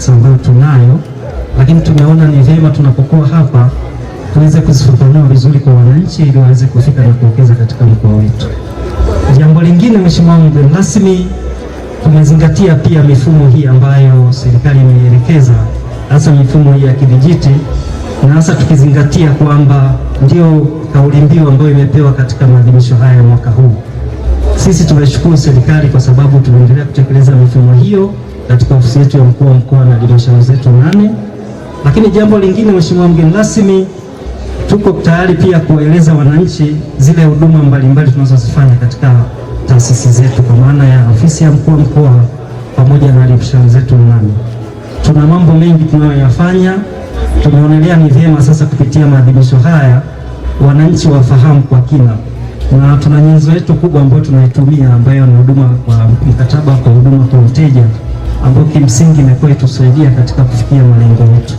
projects ambayo tunayo, lakini tumeona ni vyema tunapokuwa hapa tuweze kuzifafanua vizuri kwa wananchi ili waweze kufika na kuwekeza katika mkoa wetu. Jambo lingine, Mheshimiwa mgeni rasmi, tumezingatia pia mifumo hii ambayo serikali imeelekeza hasa mifumo hii ya kidijiti, na hasa tukizingatia kwamba ndio kauli mbiu ambayo imepewa katika maadhimisho haya ya mwaka huu. Sisi tunashukuru serikali kwa sababu tumeendelea kutekeleza mifumo hiyo katika ofisi yetu ya mkuu wa mkoa na halmashauri zetu nane. Lakini jambo lingine, mheshimiwa mgeni rasmi, tuko tayari pia kuwaeleza wananchi zile huduma mbalimbali tunazozifanya katika taasisi zetu kwa maana ya ofisi ya mkuu wa mkoa pamoja na halmashauri zetu nane. Tuna mambo mengi tunayoyafanya, tumeonelea ni vyema sasa kupitia maadhimisho haya wananchi wafahamu kwa kina na tuna nyenzo yetu kubwa ambayo tunaitumia ambayo ni huduma kwa uh, mkataba kwa huduma kwa mteja ambayo kimsingi imekuwa itusaidia katika kufikia malengo yetu.